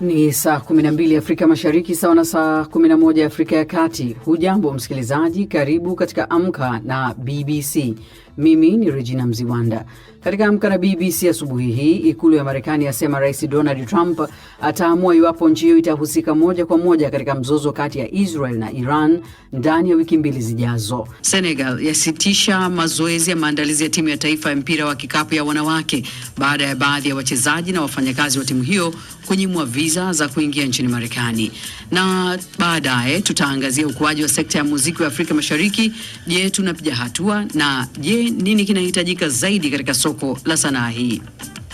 Ni saa 12 Afrika Mashariki, sawa na saa 11 Afrika ya Kati. Hujambo msikilizaji, karibu katika Amka na BBC. Mimi ni Regina Mziwanda. Katika Amka na BBC asubuhi hii, ikulu ya Marekani yasema Rais Donald Trump ataamua iwapo nchi hiyo itahusika moja kwa moja katika mzozo kati ya Israel na Iran ndani ya wiki mbili zijazo. Senegal yasitisha mazoezi ya maandalizi ya timu ya taifa ya mpira wa kikapu ya wanawake baada ya baadhi ya wachezaji na wafanyakazi wa timu hiyo kunyimwa viza za kuingia nchini Marekani. Na baadaye tutaangazia ukuaji wa sekta ya muziki wa Afrika Mashariki. Je, tunapija hatua na je nini kinahitajika zaidi katika soko la sanaa hii?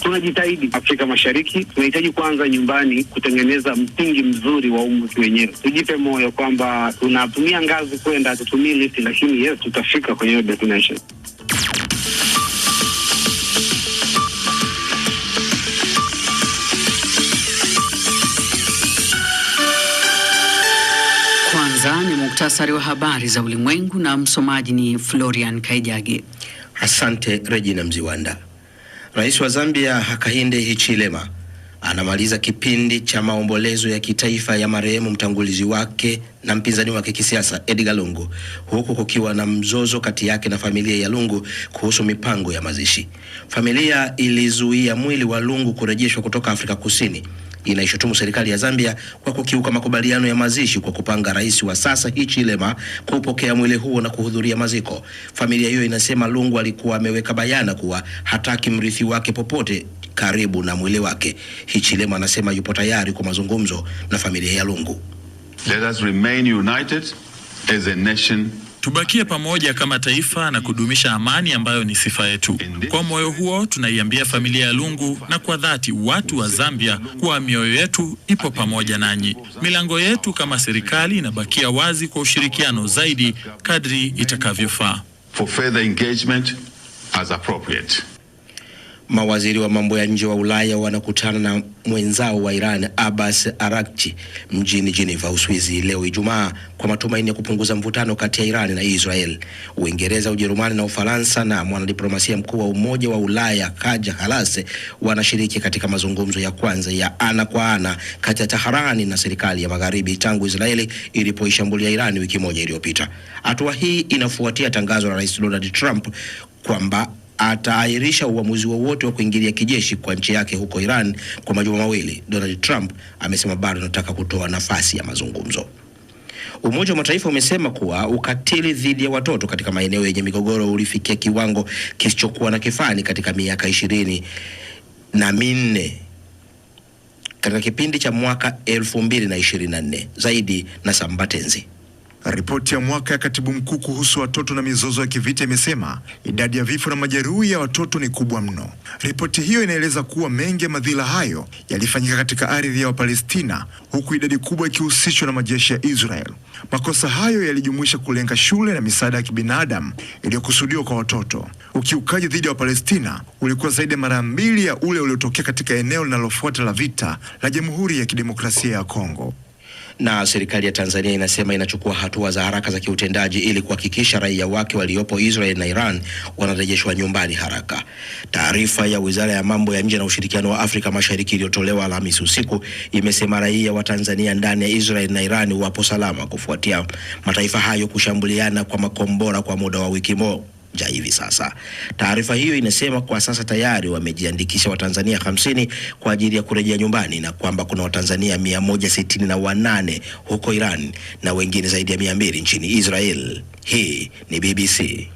Tunajitahidi Afrika Mashariki, tunahitaji kwanza nyumbani kutengeneza msingi mzuri wa umzi wenyewe. Tujipe moyo kwamba tunatumia ngazi kwenda, hatutumii lifti, lakini yes, tutafika kwenye destination. Kwanza ni muktasari wa habari za ulimwengu na msomaji ni Florian Kaijage. Asante Regina Mziwanda. Rais wa Zambia Hakainde Hichilema anamaliza kipindi cha maombolezo ya kitaifa ya marehemu mtangulizi wake na mpinzani wake kisiasa Edgar Lungu, huku kukiwa na mzozo kati yake na familia ya Lungu kuhusu mipango ya mazishi. Familia ilizuia mwili wa Lungu kurejeshwa kutoka Afrika Kusini inaishutumu serikali ya Zambia kwa kukiuka makubaliano ya mazishi kwa kupanga rais wa sasa Hichilema kupokea mwili huo na kuhudhuria maziko. Familia hiyo inasema Lungu alikuwa ameweka bayana kuwa hataki mrithi wake popote karibu na mwili wake. Hichilema anasema yupo tayari kwa mazungumzo na familia ya Lungu. Let us remain united as a nation. Tubakie pamoja kama taifa na kudumisha amani ambayo ni sifa yetu. Kwa moyo huo tunaiambia familia ya Lungu na kwa dhati watu wa Zambia kuwa mioyo yetu ipo pamoja nanyi. Milango yetu kama serikali inabakia wazi kwa ushirikiano zaidi kadri itakavyofaa. For further engagement as appropriate. Mawaziri wa mambo ya nje wa Ulaya wanakutana na mwenzao wa Iran Abbas Arakchi mjini Geneva, Uswizi leo Ijumaa kwa matumaini ya kupunguza mvutano kati ya Iran na Israel. Uingereza, Ujerumani na Ufaransa na mwanadiplomasia mkuu wa Umoja wa Ulaya Kaja halase wanashiriki katika mazungumzo ya kwanza ya ana kwa ana kati ya Taharani na serikali ya Magharibi tangu Israeli ilipoishambulia Iran wiki moja iliyopita. Hatua hii inafuatia tangazo la Rais Donald Trump kwamba ataahirisha uamuzi wowote wa, kuingilia kijeshi kwa nchi yake huko Iran kwa majuma mawili. Donald Trump amesema bado anataka kutoa nafasi ya mazungumzo. Umoja wa Mataifa umesema kuwa ukatili dhidi ya watoto katika maeneo yenye migogoro ulifikia kiwango kisichokuwa na kifani katika miaka ishirini na minne katika kipindi cha mwaka elfu mbili na ishirini na nne zaidi na Sambatenzi Ripoti ya mwaka ya katibu mkuu kuhusu watoto na mizozo ya kivita imesema idadi ya vifo na majeruhi ya watoto ni kubwa mno. Ripoti hiyo inaeleza kuwa mengi ya madhila hayo yalifanyika katika ardhi ya Wapalestina, huku idadi kubwa ikihusishwa na majeshi ya Israel. Makosa hayo yalijumuisha kulenga shule na misaada ya kibinadamu iliyokusudiwa kwa watoto. Ukiukaji dhidi ya Wapalestina ulikuwa zaidi ya mara mbili ya ule uliotokea katika eneo linalofuata la vita la Jamhuri ya Kidemokrasia ya Kongo na serikali ya Tanzania inasema inachukua hatua za haraka za kiutendaji ili kuhakikisha raia wake waliopo Israel na Iran wanarejeshwa nyumbani haraka. Taarifa ya Wizara ya Mambo ya Nje na Ushirikiano wa Afrika Mashariki iliyotolewa Alhamisi usiku imesema raia wa Tanzania ndani ya Israel na Iran wapo salama kufuatia mataifa hayo kushambuliana kwa makombora kwa muda wa wiki moja ja hivi sasa. Taarifa hiyo inasema kwa sasa tayari wamejiandikisha Watanzania 50 kwa ajili ya kurejea nyumbani na kwamba kuna Watanzania 168 huko Iran na wengine zaidi ya 200 nchini Israel. Hii ni BBC.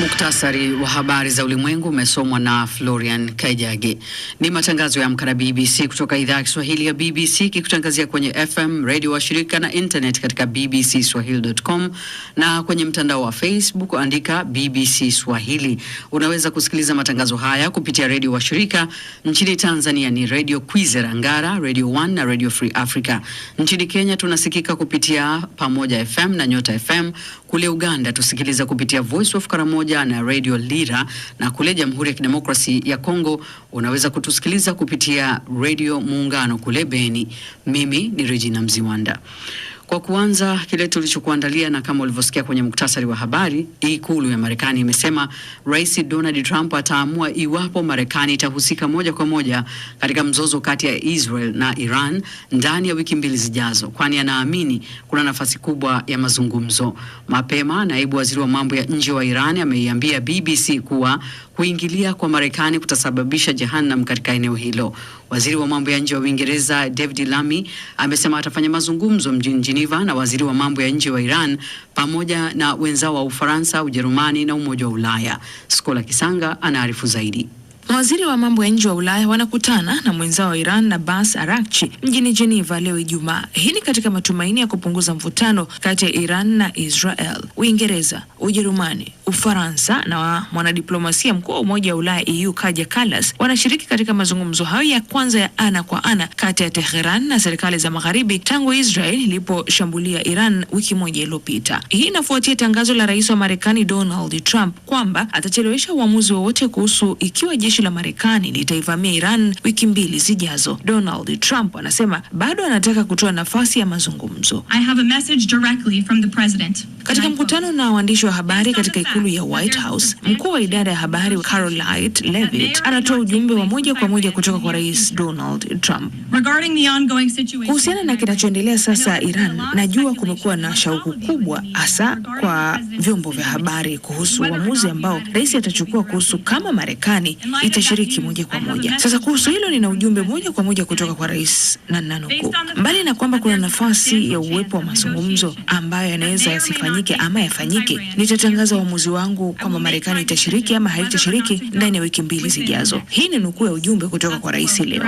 Muktasari wa habari za ulimwengu umesomwa na Florian Kaijage. Ni matangazo ya Amka na BBC kutoka idhaa ya Kiswahili ya BBC kikutangazia kwenye FM redio wa shirika na internet katika bbcswahili.com na kwenye mtandao wa Facebook andika BBC Swahili. Unaweza kusikiliza matangazo haya kupitia redio wa shirika nchini Tanzania ni redio Kwizera Ngara, redio One na redio Free Africa. Nchini Kenya tunasikika kupitia Pamoja FM na Nyota FM. Kule Uganda tusikiliza kupitia Voice of Karamoja pamoja na Radio Lira, na kule Jamhuri ya Kidemokrasi ya Kongo unaweza kutusikiliza kupitia Radio Muungano kule Beni. Mimi ni Regina Mziwanda. Kwa kuanza kile tulichokuandalia na kama ulivyosikia kwenye muktasari wa habari, ikulu ya Marekani imesema Rais Donald Trump ataamua iwapo Marekani itahusika moja kwa moja katika mzozo kati ya Israel na Iran ndani ya wiki mbili zijazo, kwani anaamini kuna nafasi kubwa ya mazungumzo. Mapema, naibu waziri wa mambo ya nje wa Iran ameiambia BBC kuwa kuingilia kwa Marekani kutasababisha jehanam katika eneo hilo. Waziri wa mambo ya nje wa Uingereza David Lammy amesema atafanya mazungumzo mjini Geneva na waziri wa mambo ya nje wa Iran pamoja na wenzao wa Ufaransa, Ujerumani na Umoja wa Ulaya. Skola Kisanga anaarifu zaidi. Mawaziri wa mambo ya nje wa Ulaya wanakutana na mwenzao wa Iran na bas arakchi mjini Geneva leo Ijumaa. Hii ni katika matumaini ya kupunguza mvutano kati ya Iran na Israel. Uingereza, Ujerumani, Ufaransa na mwanadiplomasia mkuu wa Umoja wa Ulaya EU Kaja Kallas wanashiriki katika mazungumzo hayo ya kwanza ya ana kwa ana kati ya Teheran na serikali za magharibi tangu Israel iliposhambulia Iran wiki moja iliyopita. Hii inafuatia tangazo la rais wa Marekani Donald Trump kwamba atachelewesha uamuzi wowote kuhusu ikiwa jeshi jeshi la Marekani litaivamia Iran wiki mbili zijazo. Donald Trump anasema bado anataka kutoa nafasi ya mazungumzo. I have a message directly from the president. Katika mkutano na waandishi wa habari katika ikulu ya White House, mkuu wa idara ya habari Caroline Levitt anatoa ujumbe wa moja kwa moja kutoka kwa Rais Donald Trump kuhusiana na kinachoendelea sasa Iran. Najua kumekuwa na shauku kubwa, hasa kwa vyombo vya habari, kuhusu uamuzi ambao rais atachukua kuhusu kama Marekani itashiriki moja kwa moja. Sasa kuhusu hilo, nina ujumbe moja kwa moja kutoka kwa rais na nanukuu, mbali na kwamba kuna nafasi ya uwepo wa mazungumzo ambayo yanaweza yasifanyike ama yafanyike, nitatangaza uamuzi wangu kwamba Marekani itashiriki ama haitashiriki ndani ya wiki mbili zijazo. Hii ni nukuu ya ujumbe kutoka kwa rais leo.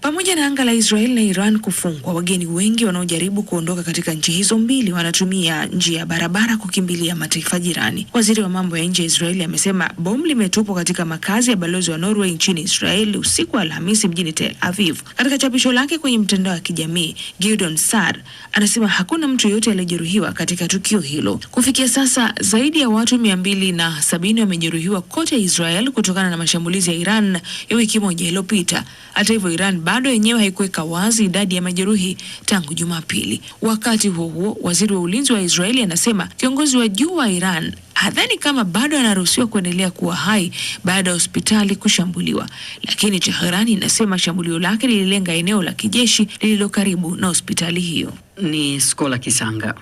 Pamoja na anga la Israel na Iran kufungwa, wageni wengi wanaojaribu kuondoka katika nchi hizo mbili wanatumia njia ya barabara kukimbilia mataifa jirani. Waziri wa mambo ya nje ya Israeli amesema bomu limetupwa katika makazi ya balozi wa Norway nchini Israeli usiku wa Alhamisi mjini Tel Aviv. Katika chapisho lake kwenye mtandao wa kijamii, Gideon Sar anasema hakuna mtu yeyote aliyejeruhiwa katika tukio hilo. Kufikia sasa zaidi ya watu mia mbili na sabini wamejeruhiwa kote Israel kutokana na mashambulizi ya Iran ya wiki moja iliyopita. Hata hivyo, Iran bado yenyewe haikuweka wazi idadi ya majeruhi tangu Jumapili. Wakati huo huo, waziri wa ulinzi wa Israeli anasema kiongozi wa juu wa Iran hadhani kama bado anaruhusiwa kuendelea kuwa hai baada ya hospitali kushambuliwa, lakini Tehran inasema shambulio lake lililenga eneo la kijeshi lililo karibu na hospitali hiyo. Ni Skola Kisanga.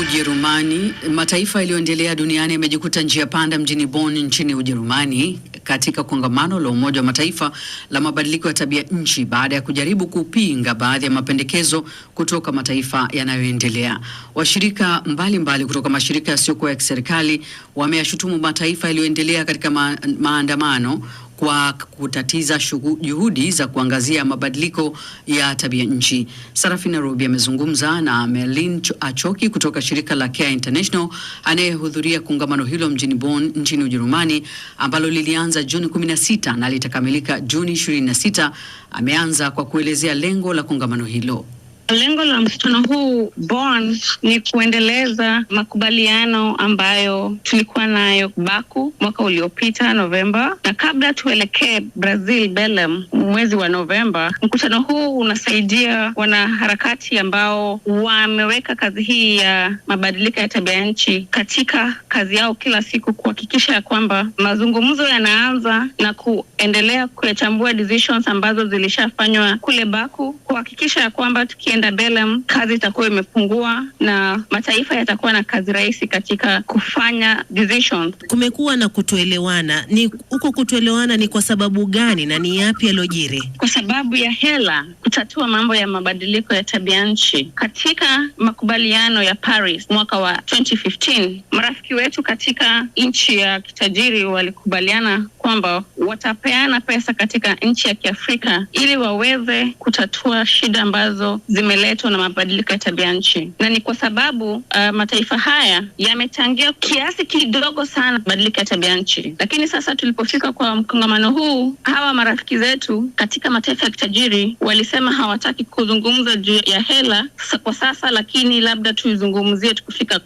Ujerumani. Mataifa yaliyoendelea duniani yamejikuta njia panda mjini Bonn nchini Ujerumani katika kongamano la Umoja wa Mataifa la mabadiliko ya tabia nchi baada ya kujaribu kupinga baadhi ya mapendekezo kutoka mataifa yanayoendelea. Washirika mbalimbali mbali kutoka mashirika yasiyokuwa ya kiserikali wameyashutumu mataifa yaliyoendelea katika ma maandamano kwa kutatiza shugu, juhudi za kuangazia mabadiliko ya tabia nchi. Sarafina Robi amezungumza na Merlin Achoki kutoka shirika la Care International anayehudhuria kongamano hilo mjini Bonn nchini Ujerumani ambalo lilianza Juni 16 na litakamilika Juni 26. Ameanza kwa kuelezea lengo la kongamano hilo. Lengo la mkutano huu Bonn ni kuendeleza makubaliano ambayo tulikuwa nayo Baku mwaka uliopita Novemba, na kabla tuelekee Brazil Belem mwezi wa Novemba. Mkutano huu unasaidia wanaharakati ambao wameweka kazi hii ya mabadiliko ya tabia nchi katika kazi yao kila siku, kuhakikisha ya kwamba mazungumzo yanaanza na kuendelea kuyachambua decisions ambazo zilishafanywa kule Baku, kuhakikisha ya kwamba tuki ukienda Belem kazi itakuwa imepungua na mataifa yatakuwa na kazi rahisi katika kufanya decisions. Kumekuwa na kutoelewana, ni huko kutoelewana ni kwa sababu gani na ni yapi alojiri Kwa sababu ya hela, kutatua mambo ya mabadiliko ya tabia nchi. Katika makubaliano ya Paris mwaka wa 2015 marafiki wetu katika nchi ya kitajiri walikubaliana kwamba watapeana pesa katika nchi ya Kiafrika ili waweze kutatua shida ambazo zimeletwa na mabadiliko ya tabia nchi, na ni kwa sababu uh, mataifa haya yamechangia kiasi kidogo sana mabadiliko ya tabia nchi. Lakini sasa tulipofika kwa mkongamano huu, hawa marafiki zetu katika mataifa ya kitajiri walisema hawataki kuzungumza juu ya hela kwa sasa, lakini labda tuizungumzie tukifika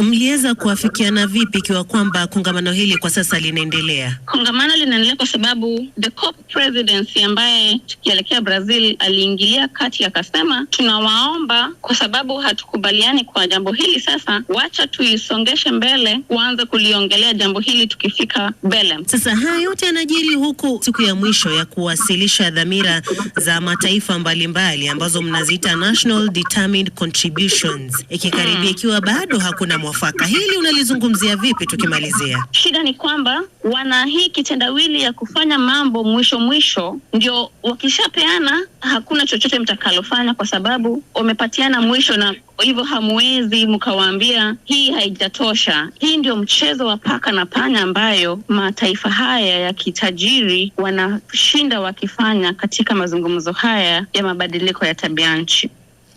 Mliweza kuafikiana vipi ikiwa kwamba kongamano hili kwa sasa linaendelea? Kongamano linaendelea kwa sababu the COP presidency ambaye tukielekea Brazil aliingilia kati akasema, tunawaomba kwa sababu hatukubaliani kwa jambo hili sasa, wacha tuisongeshe mbele, kuanza kuliongelea jambo hili tukifika mbele. Sasa haya yote yanajiri huku siku ya mwisho ya kuwasilisha dhamira za mataifa mbalimbali mbali, ambazo mnaziita national determined contributions ikikaribia, hmm. ikiwa bado hakuna mwafaka. Hili unalizungumzia vipi tukimalizia? Shida ni kwamba wana hii kitendawili ya kufanya mambo mwisho mwisho, ndio wakishapeana, hakuna chochote mtakalofanya kwa sababu wamepatiana mwisho, na hivyo hamwezi mkawaambia hii haijatosha. Hii ndio mchezo wa paka na panya ambayo mataifa haya ya kitajiri wanashinda wakifanya katika mazungumzo haya ya mabadiliko ya tabia nchi.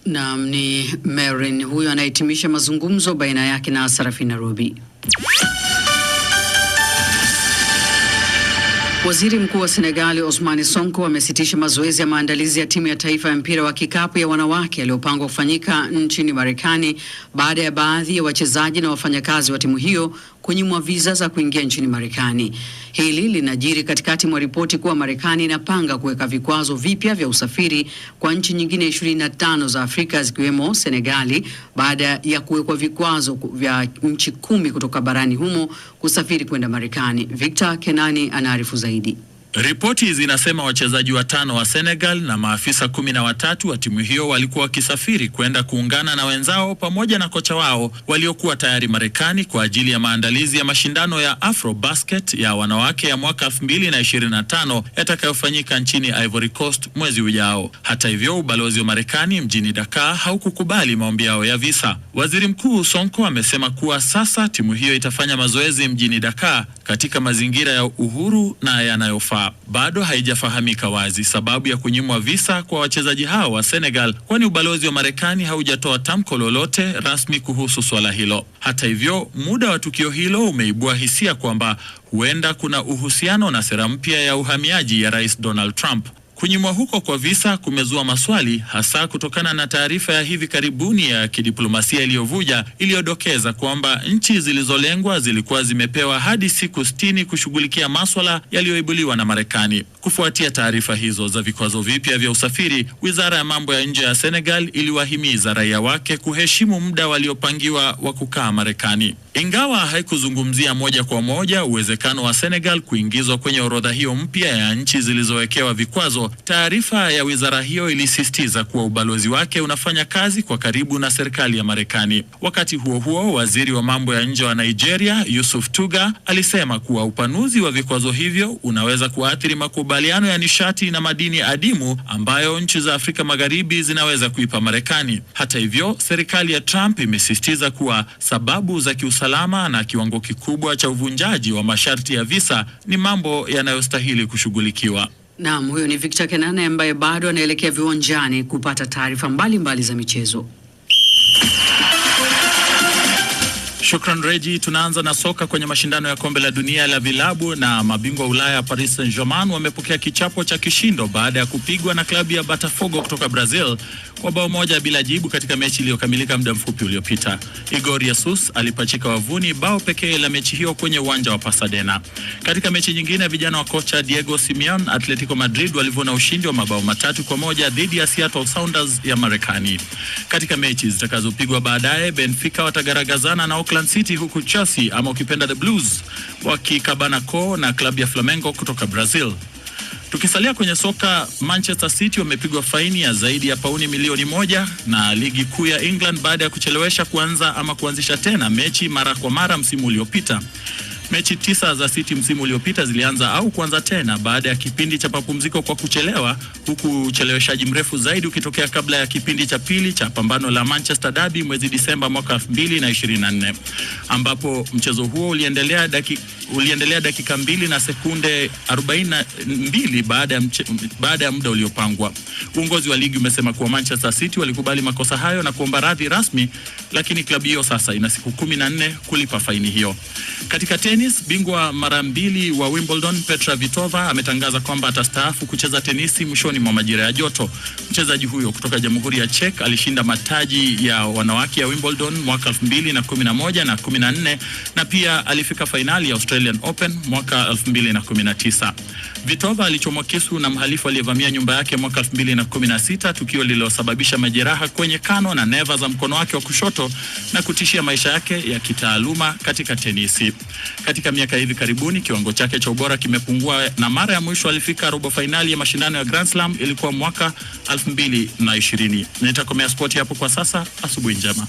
nam ni Marin huyo anahitimisha mazungumzo baina yake na sarafi nairobi Waziri Mkuu wa Senegali Osmani Sonko amesitisha mazoezi ya maandalizi ya timu ya taifa ya mpira wa kikapu ya wanawake yaliyopangwa kufanyika nchini Marekani baada ya baadhi ya wachezaji na wafanyakazi wa timu hiyo kunyimwa viza za kuingia nchini Marekani. Hili linajiri katikati mwa ripoti kuwa Marekani inapanga kuweka vikwazo vipya vya usafiri kwa nchi nyingine 25 za Afrika zikiwemo Senegali baada ya kuwekwa vikwazo vya nchi kumi kutoka barani humo kusafiri kwenda Marekani. Victor Kenani anaarifu zaidi. Ripoti zinasema wachezaji watano wa Senegal na maafisa kumi na watatu wa timu hiyo walikuwa wakisafiri kwenda kuungana na wenzao pamoja na kocha wao waliokuwa tayari Marekani kwa ajili ya maandalizi ya mashindano ya Afrobasket ya wanawake ya mwaka 2025 yatakayofanyika nchini Ivory Coast mwezi ujao. Hata hivyo, ubalozi wa Marekani mjini Dakar haukukubali maombi yao ya visa. Waziri Mkuu Sonko amesema kuwa sasa timu hiyo itafanya mazoezi mjini Dakar katika mazingira ya uhuru na yanayofaa bado haijafahamika wazi sababu ya kunyimwa visa kwa wachezaji hao wa Senegal, kwani ubalozi wa Marekani haujatoa tamko lolote rasmi kuhusu swala hilo. Hata hivyo, muda wa tukio hilo umeibua hisia kwamba huenda kuna uhusiano na sera mpya ya uhamiaji ya Rais Donald Trump. Kunyimwa huko kwa visa kumezua maswali, hasa kutokana na taarifa ya hivi karibuni ya kidiplomasia iliyovuja iliyodokeza kwamba nchi zilizolengwa zilikuwa zimepewa hadi siku sitini kushughulikia maswala yaliyoibuliwa na Marekani. Kufuatia taarifa hizo za vikwazo vipya vya usafiri, wizara ya mambo ya nje ya Senegal iliwahimiza raia wake kuheshimu muda waliopangiwa wa kukaa Marekani, ingawa haikuzungumzia moja kwa moja uwezekano wa Senegal kuingizwa kwenye orodha hiyo mpya ya nchi zilizowekewa vikwazo. Taarifa ya wizara hiyo ilisisitiza kuwa ubalozi wake unafanya kazi kwa karibu na serikali ya Marekani. Wakati huo huo, waziri wa mambo ya nje wa Nigeria Yusuf Tuga alisema kuwa upanuzi wa vikwazo hivyo unaweza kuathiri makubaliano ya nishati na madini adimu ambayo nchi za Afrika Magharibi zinaweza kuipa Marekani. Hata hivyo, serikali ya Trump imesisitiza kuwa sababu za kiusalama na kiwango kikubwa cha uvunjaji wa masharti ya visa ni mambo yanayostahili kushughulikiwa. Naam, huyo ni Victor Kenane ambaye bado anaelekea viwanjani kupata taarifa mbalimbali za michezo. Shukran Reji. Tunaanza na soka kwenye mashindano ya kombe la dunia la vilabu, na mabingwa Ulaya Paris Saint Germain wamepokea kichapo cha kishindo baada ya kupigwa na klabu ya Botafogo kutoka Brazil kwa bao moja bila jibu katika mechi iliyokamilika muda mfupi uliopita. Igor Jesus alipachika wavuni bao pekee la mechi hiyo kwenye uwanja wa Pasadena. Katika mechi nyingine, vijana wa kocha Diego Simeone, Atletico Madrid walivuna ushindi wa mabao matatu kwa moja dhidi ya Seattle Sounders ya Marekani. Katika mechi zitakazopigwa baadaye, Benfica watagaragazana na Man City, huku Chelsea ama ukipenda the Blues wakikabana ko na klabu ya Flamengo kutoka Brazil. Tukisalia kwenye soka, Manchester City wamepigwa faini ya zaidi ya pauni milioni moja na ligi kuu ya England baada ya kuchelewesha kuanza ama kuanzisha tena mechi mara kwa mara msimu uliopita. Mechi tisa za City msimu uliopita zilianza au kuanza tena baada ya kipindi cha mapumziko kwa kuchelewa, huku ucheleweshaji mrefu zaidi ukitokea kabla ya kipindi cha pili cha pambano la Manchester Derby mwezi Disemba mwaka 2024 ambapo mchezo huo uliendelea dakika uliendelea dakika mbili na sekunde 42 baada ya baada ya muda uliopangwa. Uongozi wa ligi umesema kuwa Manchester City walikubali makosa hayo na kuomba radhi rasmi, lakini klabu hiyo sasa ina siku 14 kulipa faini hiyo. Katika teni tenis, bingwa mara mbili wa Wimbledon Petra Vitova ametangaza kwamba atastaafu kucheza tenisi mwishoni mwa majira ya joto. Mchezaji huyo kutoka Jamhuri ya Czech alishinda mataji ya wanawake ya Wimbledon mwaka 2011 na 14 na pia alifika fainali ya Australian Open mwaka 2019. Vitova alichomwa kisu na mhalifu aliyevamia nyumba yake mwaka 2016, tukio lililosababisha majeraha kwenye kano na neva za mkono wake wa kushoto na kutishia maisha yake ya kitaaluma katika tenisi katika miaka hivi karibuni. Kiwango chake cha ubora kimepungua na mara ya mwisho alifika robo fainali ya mashindano ya Grand Slam ilikuwa mwaka 2020. Nitakomea spoti hapo kwa sasa. Asubuhi njema.